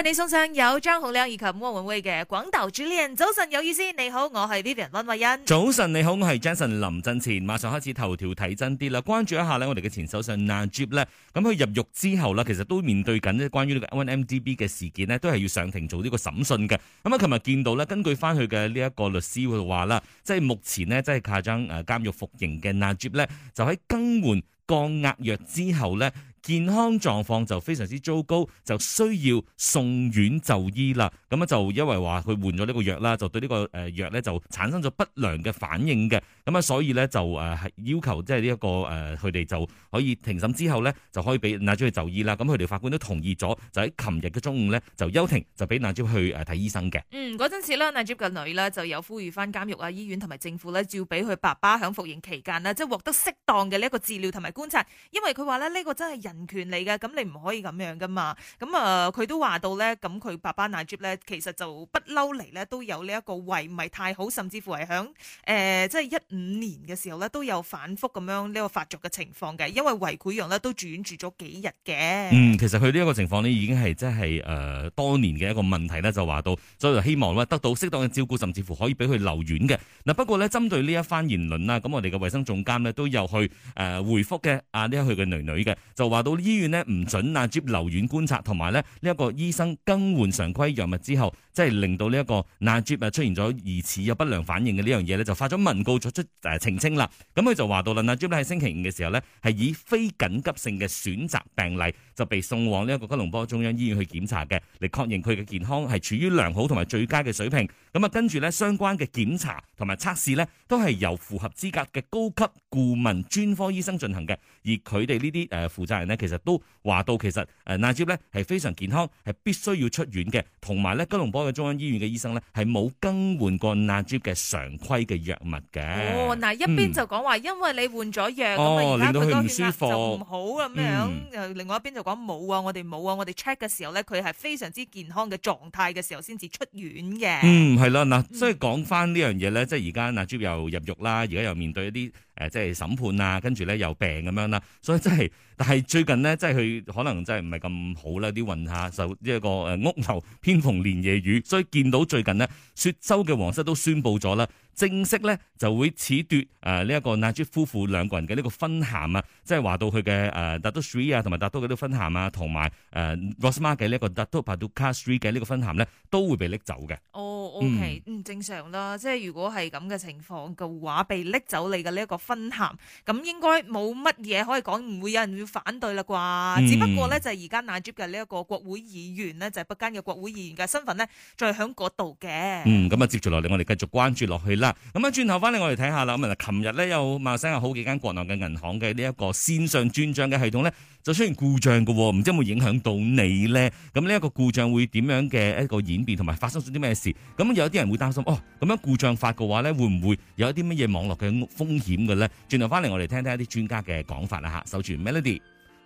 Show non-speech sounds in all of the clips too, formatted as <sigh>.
為你送上有張鴻亮以及汪永威嘅廣投主持人，早晨有意思，你好，我係 Vivian 溫慧欣。早晨你好，我係 Jason 林振前。馬上開始頭條睇真啲啦，關注一下呢，我哋嘅前首相 Najib 咧，咁佢入獄之後呢，其實都面對緊咧關於呢個 1MDB 嘅事件呢，都係要上庭做呢個審訊嘅。咁啊，琴日見到呢，根據翻佢嘅呢一個律師會話啦，即係目前呢，即係亞章誒監獄服刑嘅 Najib 咧，就喺更換降壓藥之後呢。健康狀況就非常之糟糕，就需要送院就醫啦。咁啊，就因為話佢換咗呢個藥啦，就對呢個誒藥咧就產生咗不良嘅反應嘅。咁啊，所以咧就誒要求即係呢一個誒，呃、佢哋就可以庭審之後咧，就可以俾 Najib 去就醫啦。咁佢哋法官都同意咗，就喺琴日嘅中午咧就休庭，就俾 Najib 去誒睇醫生嘅。嗯，嗰陣時咧 Najib 嘅女咧就有呼籲翻監獄啊、醫院同埋政府咧，照俾佢爸爸喺服刑期間咧，即係獲得適當嘅呢一個治療同埋觀察，因為佢話咧呢、呢個真係人權利嘅，咁你唔可以咁樣㗎嘛？咁啊，佢都話到咧，咁佢爸爸奶祖咧，其實就不嬲嚟，咧都有呢一個胃唔係太好，甚至乎係響誒，即係一五年嘅時候咧，都有反覆咁樣呢個發作嘅情況嘅。因為胃潰瘍咧，都住院住咗幾日嘅。嗯，其實佢呢一個情況呢，已經係即係誒多年嘅一個問題咧，就話到，所以就希望咧得到適當嘅照顧，甚至乎可以俾佢留院嘅。嗱，不過咧針對呢一番言論啦，咁我哋嘅衛生總監呢，都有去誒回覆嘅，啊呢、嗯呃、一佢嘅女女嘅，就話。話到醫院咧唔准阿 J 留院觀察，同埋咧呢一個醫生更換常規藥物之後，即係令到呢一個阿 J 啊出現咗疑似有不良反應嘅呢樣嘢呢就發咗文告作出誒澄清啦。咁、嗯、佢就話到啦，阿 J 喺星期五嘅時候呢，係以非緊急性嘅選擇病例就被送往呢一個吉隆坡中央醫院去檢查嘅，嚟確認佢嘅健康係處於良好同埋最佳嘅水平。咁、嗯、啊，跟住呢相關嘅檢查同埋測試呢，都係由符合資格嘅高級顧問專科醫生進行嘅，而佢哋呢啲誒負責人。咧其實都話到，其實誒，納吉咧係非常健康，係必須要出院嘅。同埋咧，吉隆坡嘅中央醫院嘅醫生咧係冇更換過納吉嘅常規嘅藥物嘅，哦嗯。哦，嗱一邊就講話，因為你換咗藥，咁啊令到佢唔舒服，就唔好咁樣。另外一邊就講冇啊，我哋冇啊，我哋 check 嘅時候咧，佢係非常之健康嘅狀態嘅時候先至出院嘅。嗯，係啦，嗱，所以講翻呢樣嘢咧，即係而家納吉又入獄啦，而家又面對一啲。誒即係審判啊，跟住咧又病咁樣啦，所以真係，但係最近呢，即係佢可能真係唔係咁好啦，啊，啲運下就一個誒屋漏偏逢連夜雨，所以見到最近呢雪州嘅皇室都宣布咗啦，正式咧就會褫奪誒呢一個納吉夫婦兩個人嘅呢個勳銜啊，即係話到佢嘅誒達多 Sri 啊，同埋達多嘅啲勳銜啊，同埋誒 Rosmah 嘅呢個達多帕杜卡 Sri 嘅呢個勳銜咧，啊，都會被拎走嘅。哦，oh，OK，嗯，正常啦，即係如果係咁嘅情況嘅話，被拎走你嘅呢一個分、啊。分函咁應該冇乜嘢可以講，唔會有人會反對啦啩。嗯、只不過咧就係而家賴 J 嘅呢一個國會議員呢，就係、是、北間嘅國會議員嘅身份咧，在響嗰度嘅。嗯，咁啊接住落嚟，我哋繼續關注落去啦。咁啊轉頭翻嚟，我哋睇下啦。咁啊，琴日咧有馬來西亞有好幾間國內嘅銀行嘅呢一個線上轉賬嘅系統咧，就出現故障嘅，唔知有冇影響到你咧？咁呢一個故障會點樣嘅一個演變，同埋發生咗啲咩事？咁有啲人會擔心，哦，咁樣故障法嘅話咧，會唔會有一啲乜嘢網絡嘅風險嘅？轉頭翻嚟，來我哋聽聽一啲專家嘅講法啦吓，守住 Melody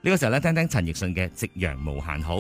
呢、這個時候咧，聽聽陳奕迅嘅《夕陽無限好》。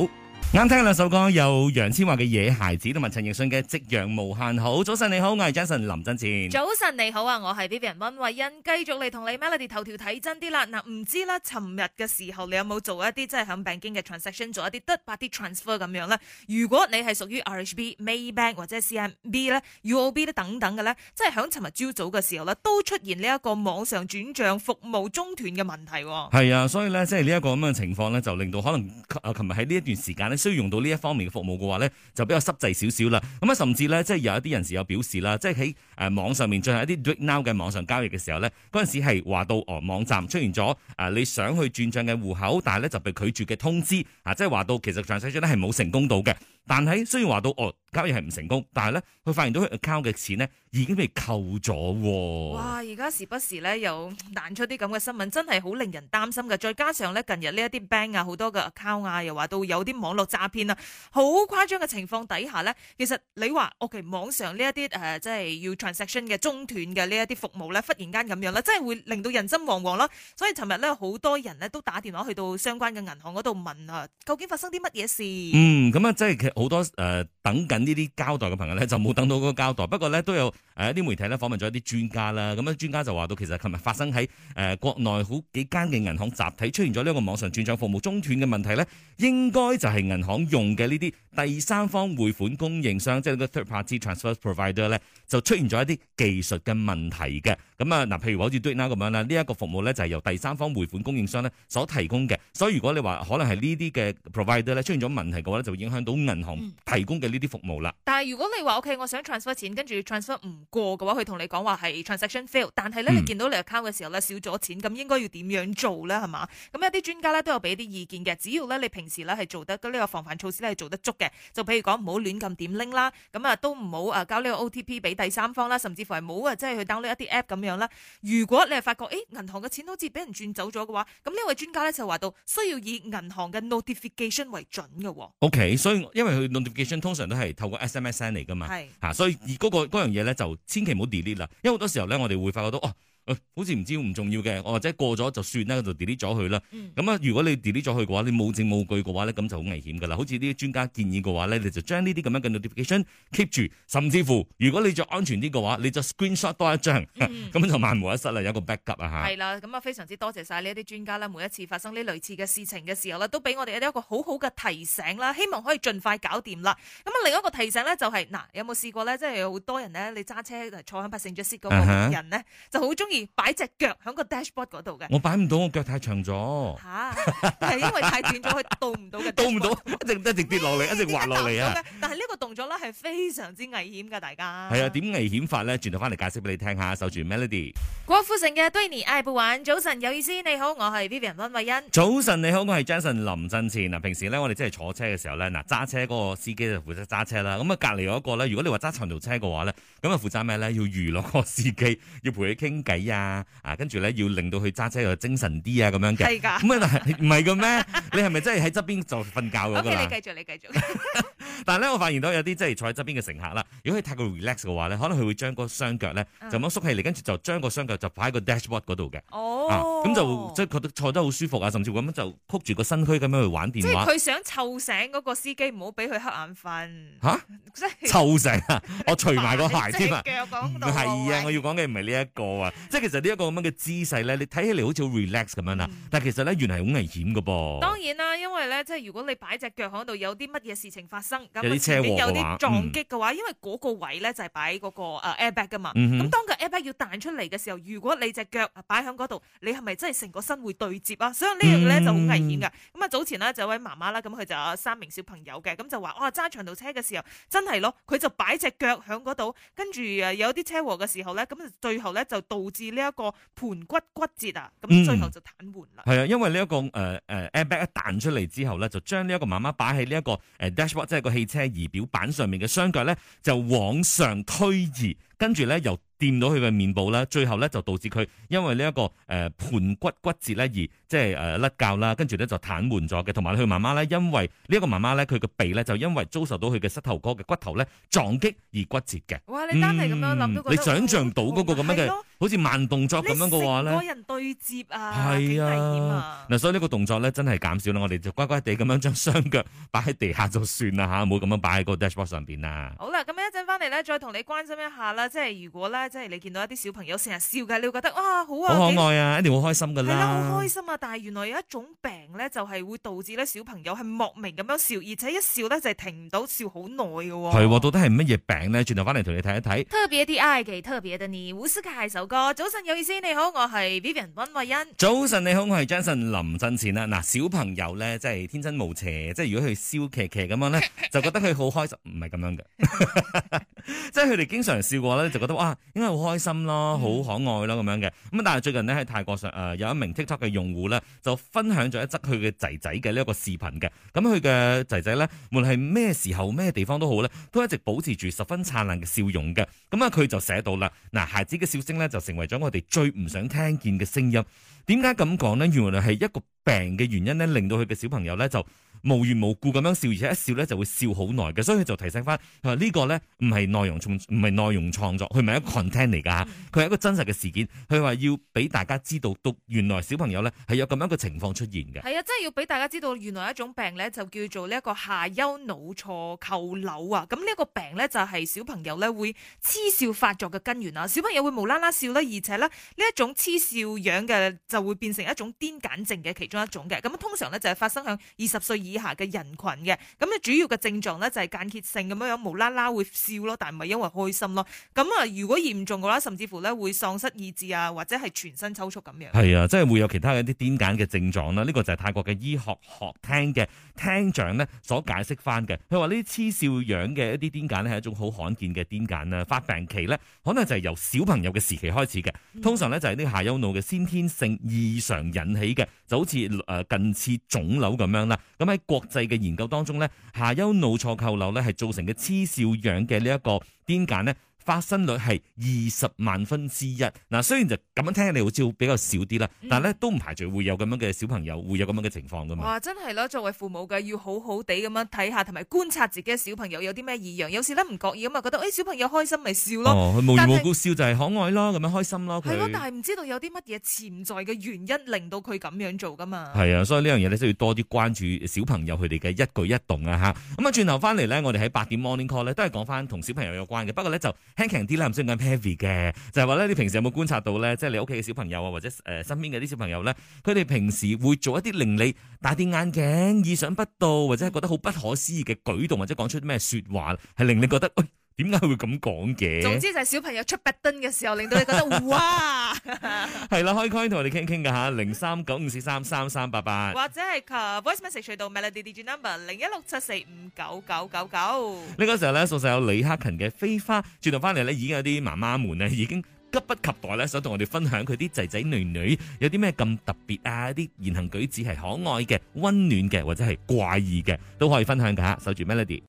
啱聽兩首歌，有楊千嬅嘅《野孩子》同埋陳奕迅嘅《夕陽無限好》。早晨你好，我係 Jason 林真前。早晨你好啊，我係 Vivian 溫慧欣，繼續嚟同你 Melody 頭條睇真啲啦。嗱，唔知啦，尋日嘅時候你有冇做一啲即係響病經嘅 transaction 做一啲突發啲 transfer 咁樣咧？如果你係屬於 R H B Maybank 或者 C M B 咧、U O B 咧等等嘅咧，即係響尋日朝早嘅時候咧，都出現呢一個網上轉賬服務中斷嘅問題。係啊，所以咧即係呢一個咁嘅情況咧，就令到可能琴日喺呢一段時間。需要用到呢一方面嘅服務嘅話咧，就比較濕滯少少啦。咁啊，甚至咧，即係有一啲人士有表示啦，即係喺誒網上面進行一啲 rate now 嘅網上交易嘅時候咧，嗰陣時係話到哦，網站出現咗誒你想去轉帳嘅戶口，但係咧就被拒絕嘅通知啊，即係話到其實實際上咧係冇成功到嘅。但係雖然話到哦，交易係唔成功，但係咧佢發現到佢 account 嘅錢呢已經被扣咗，哦。哇！而家時不時咧有彈出啲咁嘅新聞，真係好令人擔心嘅。再加上咧近日呢一啲 bank 啊，好多嘅 account 啊，又話到有啲網絡詐騙啊，好誇張嘅情況底下咧，其實你話 ok 網上呢一啲誒，即係要 transaction 嘅中斷嘅呢一啲服務咧，忽然間咁樣啦，真係會令到人心惶惶囉。所以尋日咧好多人咧都打電話去到相關嘅銀行嗰度問啊，究竟發生啲乜嘢事？嗯，嗯，咁啊，即係好多、呃、等緊呢啲交代嘅朋友咧，就冇等到嗰個交代。不過咧，都有誒一啲媒體咧訪問咗一啲專家啦。咁樣專家就話到，其實琴日發生喺、呃、國內好幾間嘅銀行集體出現咗呢個網上轉賬服務中斷嘅問題咧，應該就係銀行用嘅呢啲第三方匯款供應商，即係個 third party transfer provider 咧，就出現咗一啲技術嘅問題嘅。咁啊，嗱，譬如好似 d r 咁樣啦，呢一個服務咧就係由第三方匯款供應商咧所提供嘅，所以如果你話可能係呢啲嘅 provider 咧出現咗問題嘅話咧，就會影響到銀行提供嘅呢啲服務啦、嗯。但係如果你話 OK，我想 transfer 錢，跟住 transfer 唔過嘅話，佢同你講話係 transaction fail，但係咧、嗯、你見到你 account 嘅時候咧少咗錢，咁應該要點樣做咧？係嘛？咁一啲專家咧都有俾啲意見嘅，只要咧你平時咧係做得呢、呢個防範措施咧係做得足嘅，就譬如講唔好亂咁點拎啦，咁啊都唔好啊交呢個 OTP 俾第三方啦，甚至乎係冇啊即係去 download 一啲 app 咁樣。如果你係發覺誒，銀、哎、行嘅錢好似俾人轉走咗嘅話，咁呢位專家咧就話到需要以銀行嘅 notification 為準嘅、哦。O、okay, K，所以因為佢 notification 通常都係透過 S M S 嚟噶嘛，係吓是、啊，所以而、那、嗰個那樣嘢咧就千祈唔好 delete 啦，因為好多時候咧我哋會發覺到哦。好似唔知唔重要嘅，我或者過咗就算啦，就 delete 咗佢啦。咁啊，如果你 delete 咗佢嘅話，你冇證冇據嘅話咧，咁就好危險噶啦。好似啲專家建議嘅話咧，你就將呢啲咁樣嘅 notification keep 住，甚至乎如果你再安全啲嘅話，你就 screenshot 多一張，咁就萬無一失啦，有一個 backup 啊吓。係啦，咁啊非常之多謝晒呢一啲專家啦，每一次發生呢類似嘅事情嘅時候咧，都俾我哋一啲一個好好嘅提醒啦。希望可以盡快搞掂啦。咁啊另一個提醒咧就係嗱，有冇試過咧？即係好多人咧，你揸車嚟坐響八成爵士嗰班人咧，就好中意。擺隻腳喺個 dashboard 嗰度嘅，我擺唔到，我腳太長咗。吓，係因為太短咗，佢到唔到嘅，到唔到，一直一直跌落嚟，一直滑落嚟啊！但係呢個動作咧係非常之危險嘅，大家係啊？點危險法咧？轉頭翻嚟解釋俾你聽下，守住 Melody。郭富城嘅對你愛不完，早晨有意思，你好，我係 Vivian 温慧欣。早晨，你好，我係 Johnson 林振前。嗱，平時咧我哋即係坐車嘅時候咧，嗱揸車嗰個司機就負責揸車啦。咁啊，隔籬嗰個咧，如果你話揸長途車嘅話咧，咁啊負責咩咧？要娛樂個司機，要陪佢傾偈。啊，啊，跟住咧要令到佢揸車又精神啲啊，咁樣嘅，係噶，咁唔係噶咩？你係咪真係喺側邊就瞓覺咗噶？你繼續，你繼續。但係咧，我發現到有啲即係坐喺側邊嘅乘客啦，如果佢太過 relax 嘅話咧，可能佢會將嗰雙腳咧就咁縮起嚟，跟住就將個雙腳就擺喺個 dashboard 嗰度嘅。哦，咁就即係覺得坐得好舒服啊，甚至咁樣就曲住個身軀咁樣去玩電話。佢想湊醒嗰個司機，唔好俾佢瞌眼瞓。吓，即係湊醒啊！我除埋個鞋添啊，係啊！我要講嘅唔係呢一個啊。即係其、嗯、其實呢一個咁樣嘅姿勢咧，你睇起嚟好似好 relax 咁樣啦，但其實咧原來係好危險㗎噃。當然啦，因為咧即係如果你擺隻腳喺度，有啲乜嘢事情發生，有啲車禍啊，有啲撞擊嘅話，嗯、因為嗰個位咧就係擺嗰個啊 airbag 㗎嘛。咁、嗯、哼當個 airbag 要彈出嚟嘅時候，如果你隻腳擺喺嗰度，你係咪真係成個身會對接啊？所以這呢樣咧就好危險㗎。咁啊、嗯、早前咧就有位媽媽啦，咁佢就有三名小朋友嘅，咁就話哇揸長途車嘅時候真係咯，佢就擺隻腳喺嗰度，跟住有啲車禍嘅時候咧，咁啊最後咧就導致。呢一個盆骨骨折啊，咁最後就癱瘓啦。係啊、嗯，因為呢一個誒誒 Airbag 一彈出嚟之後咧，就將呢一個媽媽擺喺呢一個誒 dashboard，即係個汽車儀表板上面嘅雙腳咧，就往上推移。跟住咧，又掂到佢嘅面部啦，最後咧就導致佢因為呢、這、一個誒、呃、盤骨骨，骨折咧而即係誒甩臼啦，跟住咧就癱瘓咗嘅。同埋佢媽媽咧，因為呢一個媽媽咧，佢嘅鼻咧就因為遭受到佢嘅膝頭哥嘅骨頭咧撞擊而骨折嘅。哇！你單係咁樣諗、嗯、都覺，你想像到嗰個咁樣嘅，好似了慢動作咁樣嘅話咧，個人對接啊，好危險啊！嗱、啊，所以呢個動作咧真係減少啦。我哋就乖乖地咁樣將雙腳擺喺地下就算啦嚇，冇咁樣擺喺個 dashboard 上面啊。好啦，咁樣一陣翻嚟咧，再同你關心一下啦。即係如果咧，即係你見到一啲小朋友成日笑嘅，你會覺得哇好啊，好可愛啊，一定好開心噶啦，係啦，好開心啊！但係原來有一種病咧，就係、是、會導致咧小朋友係莫名咁樣笑，而且一笑咧就係、是、停唔到笑好耐嘅。係喎、哦，到底係乜嘢病咧？轉頭翻嚟同你睇一睇。特別啲埃及特別的尼胡斯卡係首歌，早晨有意思，你好，我係 Vivian 溫慧欣。早晨你好，我係 Justin 林振前啦。嗱，小朋友咧即係天真無邪，即係如果佢笑騎騎咁樣咧，就覺得佢好開心，唔係咁樣嘅， <laughs> 即係佢哋經常笑過咧。就覺得哇，應該好開心咯，好可愛咯咁樣嘅。咁但係最近呢，喺泰國上誒，有一名 TikTok 嘅用戶咧，就分享咗一則佢嘅仔仔嘅呢一個視頻嘅。咁佢嘅仔仔咧，無論係咩時候咩地方都好咧，都一直保持住十分燦爛嘅笑容嘅。咁啊，佢就寫到啦，嗱，孩子嘅笑聲咧，就成為咗我哋最唔想聽見嘅聲音。點解咁講呢？原來係一個病嘅原因咧，令到佢嘅小朋友咧就。無緣無故咁樣笑，而且一笑咧就會笑好耐嘅，所以佢就提醒翻，佢話呢個咧唔係內容創唔係內容創作，佢唔係一個 content 嚟㗎，佢係、嗯、一個真實嘅事件，佢話要俾大家知道，到原來小朋友咧係有咁樣嘅情況出現嘅。係啊，真係要俾大家知道，原來一種病咧就叫做呢一個下丘腦錯構瘤啊！咁呢一個病咧就係小朋友咧會痴笑發作嘅根源啊。小朋友會無啦啦笑咧，而且呢，呢一種痴笑樣嘅就會變成一種癲癇症嘅其中一種嘅。咁通常咧就係發生喺二十歲以以下嘅人群嘅。咁啊，主要嘅症狀呢，就係間歇性咁樣樣，無啦啦會笑咯，但唔係因為開心咯。咁啊，如果嚴重嘅話，甚至乎呢會喪失意志啊，或者係全身抽搐咁樣。係啊，即係會有其他一啲癲癇嘅症狀啦。呢個就係泰國嘅醫學學廳嘅廳長呢所解釋翻嘅。佢話呢啲痴笑樣嘅一啲癲癇呢，係一種好罕見嘅癲癇啊。發病期呢，可能就係由小朋友嘅時期開始嘅，通常呢，就係啲下丘腦嘅先天性異常引起嘅，就好似誒近似腫瘤咁樣啦。咁喺.國際嘅研究當中咧，下丘腦錯構瘤咧係造成嘅痴笑樣嘅呢一個癲癇咧。發生率係二十萬分之一，嗱雖然就咁樣聽，你好似比較少啲啦，嗯、但係咧都唔排除會有咁樣嘅小朋友，會有咁樣嘅情況噶嘛。哇，真係啦，作為父母嘅要好好地咁樣睇下，同埋觀察自己嘅小朋友有啲咩異樣。有時咧唔覺意咁啊，覺得誒、哎、小朋友開心咪笑咯，但、哦、無緣無故笑就係可愛咯，咁樣開心咯。係咯是、啊，但係唔知道有啲乜嘢潛在嘅原因令到佢咁樣做噶嘛？係啊，所以呢樣嘢咧都要多啲關注小朋友佢哋嘅一舉一動啊吓，咁、嗯、啊，轉頭翻嚟咧，我哋喺八點 morning call 咧都係講翻同小朋友有關嘅，不過咧就。輕型啲啦，唔需要咁 heavy 嘅，就係話咧，你平時有冇觀察到咧，即係你屋企嘅小朋友啊，或者誒身邊嘅啲小朋友咧，佢哋平時會做一啲令你戴啲眼鏡意想不到，或者係覺得好不可思議嘅舉動，或者講出啲咩說話，係令你覺得，哎點解會咁講嘅？總之就係小朋友出百噸嘅時候，令到你覺得哇！係啦，可以 call 同我哋傾傾噶吓，零三九五四三三三八八，或者係靠 voice message 去到 melody DJ number 零一六七四五九九九九。呢個時候咧，送上有李克勤嘅《飛花》，轉頭翻嚟呢，已經有啲媽媽們呢已經急不及待咧，想同我哋分享佢啲仔仔女女有啲咩咁特別啊，啲言行舉止係可愛嘅、溫暖嘅或者係怪異嘅，都可以分享噶，守住 melody。